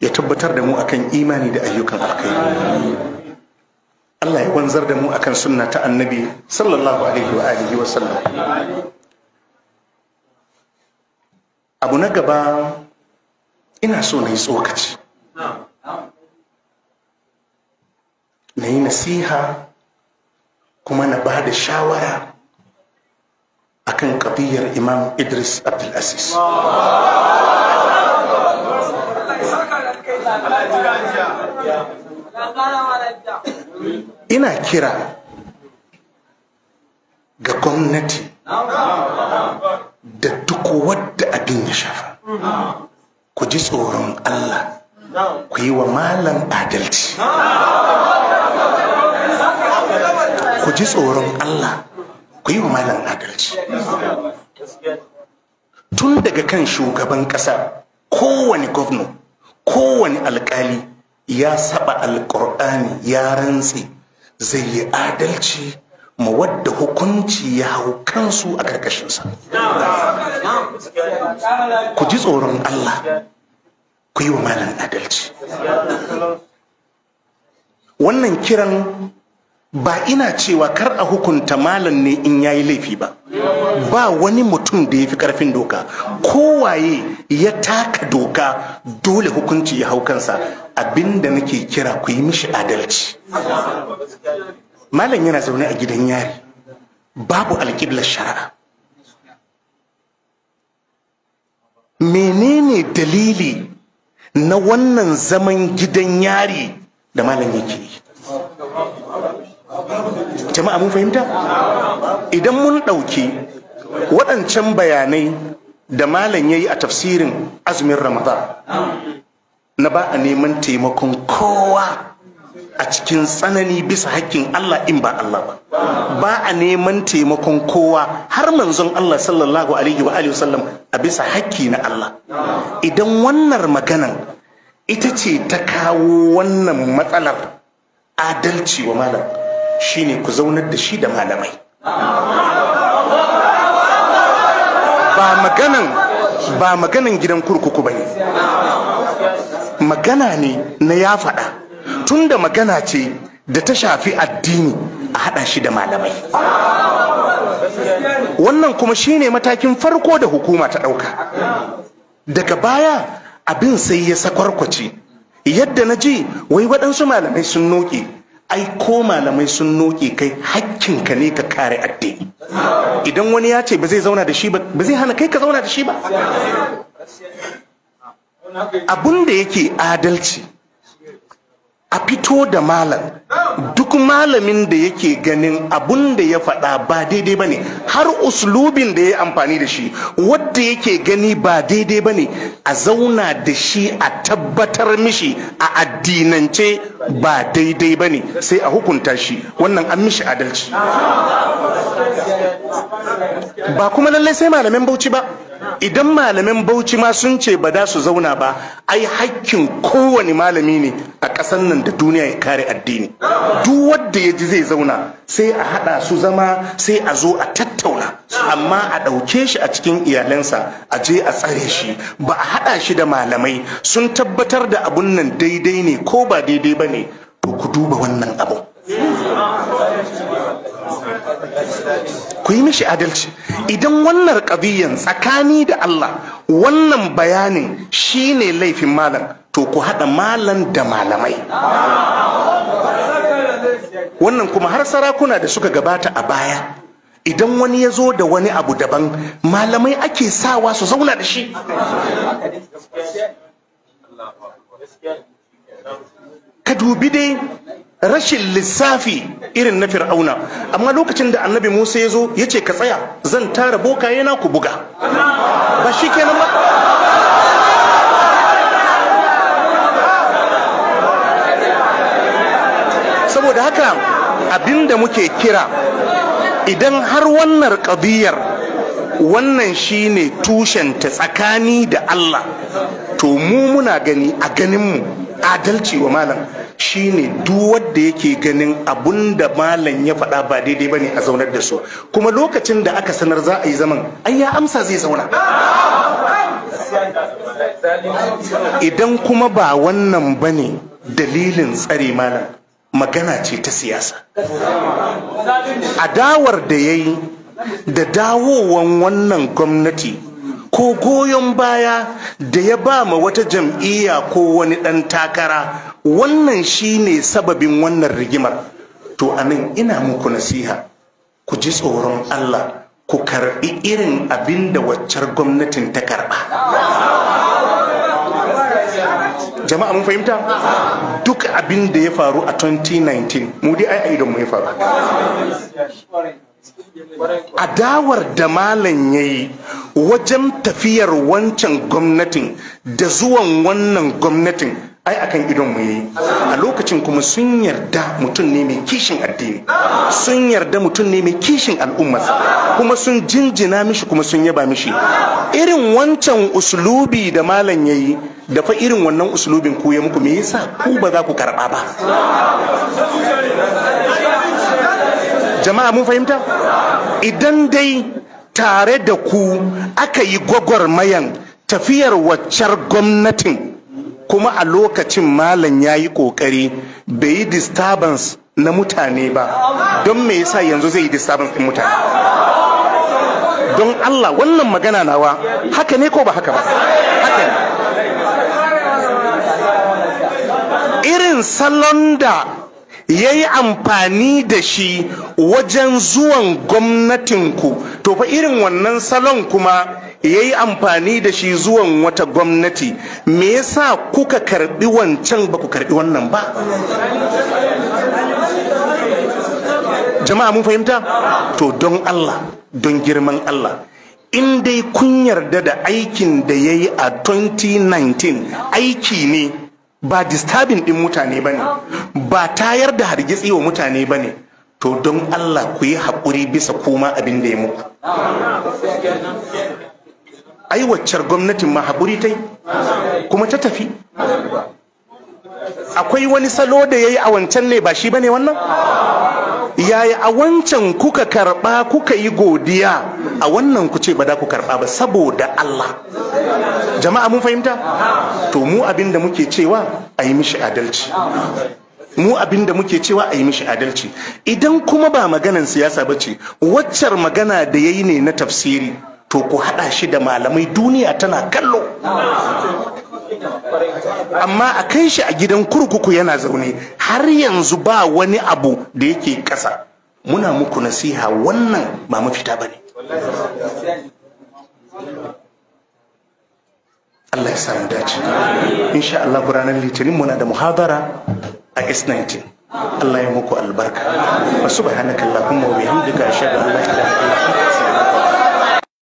ya tabbatar da mu akan imani da ayyukan alkhairi Allah ya wanzar da mu akan sunna ta annabi sallallahu alaihi wa alihi wa sallam abu na gaba ina so na yi tsokaci na yi nasiha kuma na ba da shawara akan kan imam idris abdulaziz ina kira ga gwamnati da duk wadda abin ya shafa ku ji tsoron Allah ku yi wa malam adalci ku ji tsoron Allah ku yi wa malam adalci tun daga kan shugaban ƙasa kowane gwamnati kowane alkali ya saba alkur'ani ya rantse zai yi adalci ma wadda hukunci ya hau kansu a ƙarƙashinsa ku ji tsoron Allah ku yi wa malam adalci wannan kiran ba ina cewa kar a hukunta malam ne in yayi laifi ba ba wani mutum da ya fi karfin doka kowaye ya taka doka dole hukunci ya hau kansa abinda nake kira ku yi mishi adalci malam yana zaune a gidan yari babu alƙiblar shari'a menene dalili na wannan zaman gidan yari da malam yake yi jama'a mun fahimta idan mun ɗauki waɗancan bayanai da malam ya yi a tafsirin azumin ramadan na ba a neman taimakon kowa a cikin tsanani bisa hakkin Allah in ba Allah ba ba a neman taimakon kowa har manzon Allah sallallahu alaihi wa alihi wasallam a bisa hakki na Allah idan wannan maganan ita ce ta kawo wannan matsalar adalci wa malam shine ku zaunar da shi da malamai ba maganan gidan kurkuku ba ne. magana ne na ya faɗa tunda magana ce da ta shafi addini a haɗa shi da malamai wannan kuma shine matakin farko da hukuma ta ɗauka daga baya abin sai ya sakwarkwace yadda na ji wai waɗansu malamai sun noƙe. ai ko malamai sun noke kai hakkin ka ne ka kare addini idan wani ya ce ba zai zauna da shi ba ba zai hana kai ka zauna da shi ba abun da yake adalci a fito da malam duk malamin da yake ganin abun da ya faɗa ba daidai ba ne har uslubin da ya amfani da shi wadda yake gani ba daidai ba ne a zauna da shi a tabbatar mishi a addinance ba daidai ba ne sai a hukunta shi wannan an mishi adalci ba kuma lallai sai malamin bauchi ba idan malamin bauchi ma sun ce ba da su zauna ba ai hakkin kowane malami ne a ƙasar nan da duniya ya kare addini duk wanda ya ji zai zauna sai a haɗa su zama sai a zo a tattauna amma a ɗauke shi a cikin iyalansa a je a tsare shi ba a haɗa shi da malamai sun tabbatar da abun nan daidai ne ko ba daidai ba ne to ku duba wannan abu ku yi mishi adalci idan wannan ƙabiyan tsakani da Allah wannan bayanin shine laifin malam to ku haɗa malam da malamai wannan kuma har sarakuna da suka gabata a baya idan wani ya zo da wani abu daban malamai ake sawa su zauna da shi ka dubi dai rashin lissafi irin na fir'auna amma lokacin da annabi musa ya zo ya ce ka tsaya zan tara bokaye na ku buga ba shi kenan ba saboda haka abinda muke kira idan har wannan ƙabiyar wannan shine tushenta tsakani da allah to mu muna gani a ganinmu adalci wa malam shine duk wanda yake ganin abun da malam ya faɗa ba daidai bane a zaunar da su kuma lokacin da aka sanar za a yi zaman ai ya amsa zai zauna idan kuma ba wannan bane dalilin tsare malam magana ce ta siyasa adawar da ya yi da dawowan wannan gwamnati ko goyon baya da ya ba ma wata jam'iyya ko wani ɗan takara wannan shi ne sababin wannan rigimar to anan ina muku nasiha ku ji tsoron Allah ku karbi irin abin da waccar gwamnatin ta karba jama'a mun fahimta duk abin da ya faru a 2019 mu dai ai mu ya faru adawar da malam ya yi wajen tafiyar wancan gwamnatin da zuwan wannan gwamnatin ai akan idon mu yayi a lokacin kuma sun yarda mutum ne mai kishin addini sun yarda mutum ne mai kishin al'umma, kuma sun jinjina mishi kuma sun yaba mishi irin wancan uslubi da malam yayi da fa irin wannan uslubin ku ya muku me yasa ku ba za ku karba ba jama'a mun fahimta idan dai tare da ku aka yi gwagwarmayan tafiyar waccar gwamnatin kuma a lokacin malam ya yi ƙoƙari bai yi disturbance na mutane ba don me yasa yanzu zai yi disturbance ɗin mutane don Allah wannan magana nawa haka ne ko ba haka ba haka ne irin salon da ya yi amfani da shi wajen zuwan gwamnatinku to fa irin wannan salon kuma ya yi amfani da shi zuwan wata gwamnati me yasa kuka karbi wancan ba ku karbi wannan ba jama'a mun fahimta to don Allah don girman Allah in dai kun yarda da aikin da ya yi a 2019 aiki ne ba disturbing din mutane bane ba tayar da hargitsi wa mutane bane to don Allah ku yi haƙuri bisa kuma abin da ya muku ai gwamnatin ma haƙuri ta yi kuma ta tafi akwai wani salo da ya yi a wancan ne ba shi bane wannan yaya a wancan kuka karba kuka yi godiya a wannan ku ce ba da ku karba ba saboda Allah jama'a mun fahimta to mu abinda muke cewa a yi mishi adalci mu abin muke cewa a yi mishi adalci idan kuma ba maganan siyasa ba ce waccar magana da ya yi ne na tafsiri to ku haɗa shi da malamai duniya tana kallo amma a kai shi a gidan kurkuku yana zaune har yanzu ba wani abu da yake ƙasa muna muku nasiha wannan ba mafita ba ne Allah ya samu dace insha Allah ranar litinin muna da muhabara a S19 Allah ya muku albarka wa subhanakallahumma wa bihamdika ashhadu an da ya